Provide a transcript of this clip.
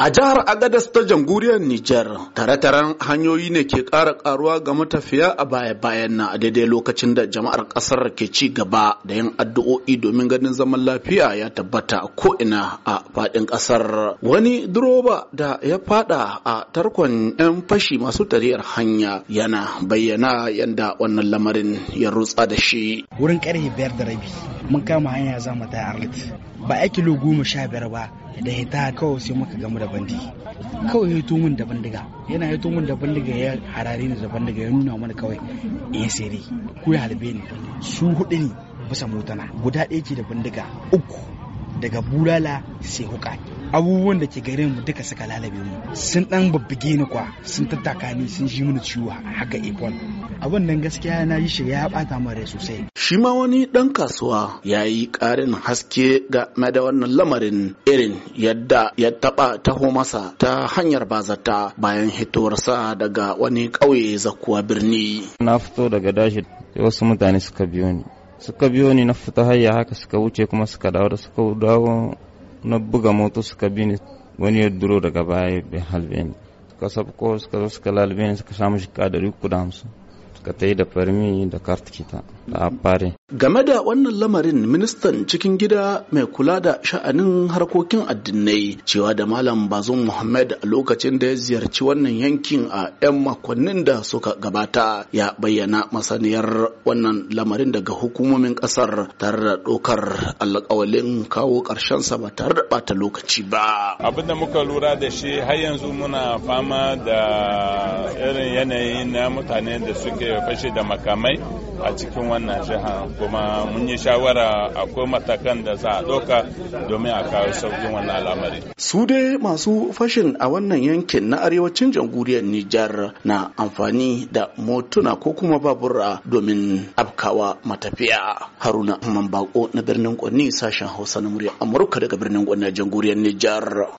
A jihar Agadas ta jamhuriyar Nijar, tare-taren hanyoyi ne ke ƙara ƙaruwa ga matafiya a baya-bayan na a daidai lokacin da jama'ar ƙasar ke ci gaba da yin addu'o'i domin ganin zaman lafiya ya tabbata ko'ina a faɗin ƙasar. Wani duroba da ya faɗa a tarkon 'yan fashi masu tariyar hanya yana bayyana yadda wannan lamarin ya rutsa da shi. Wurin ƙarfe biyar da rabi, mun kama hanya za mu ta Arlit. Ba aiki kilo goma sha biyar ba, da ta kawai sai muka gamu da bandi kawai ya tumun da bandiga yana ya tumun da bandiga ya harare ni da bandiga ya nuna mana kawai eh, ya sere ko ya halbe ni su hudu ne bisa motana guda ɗaya ke da bandiga uku daga bulala sai huka abubuwan da ke garin mu duka suka lalabe mu sun dan babbige ni kwa sun tattaka ni sun ji mini ciwo haka ikon abin nan gaskiya na yi shiga ya bata rai sosai shi ma wani dan kasuwa ya yi karin haske ga da wannan lamarin irin yadda ya taba taho masa ta hanyar bazata bayan hitowarsa daga wani ƙauye zakuwa birni na fito daga dashi wasu mutane suka biyo ni suka biyo ni na fita hayya haka suka wuce kuma suka dawo da suka dawo na buga moto suka bi ni wani ya duro daga baya bai halbe ni suka sabko suka zo suka lalbe ni suka samu shi kadari uku da hamsin ka yi da farmi da kartikita da fare. Game da wannan lamarin ministan cikin gida mai kula da sha'anin harkokin addinai cewa da Malam bazon Muhammad a lokacin da ya ziyarci wannan yankin a 'yan makonnin da suka gabata ya bayyana masaniyar wannan lamarin daga hukumomin kasar tare da ɗaukar alƙawalin kawo sa ba tare da bata lokaci ba. Abin da muka lura da shi har yanzu muna fama da irin yanayi na mutane da suke fashe da makamai a cikin wannan jiha kuma mun yi shawara akwai matakan da za a ɗauka domin a kawo sauƙin wannan al'amari. Su dai masu fashin a wannan yankin na arewacin jamhuriyar Nijar na amfani da motuna ko kuma babura domin afkawa matafiya. Haruna Mambako na birnin Kwanni sashen Hausa na murya Amurka daga birnin Kwanni a jamhuriyar Nijar.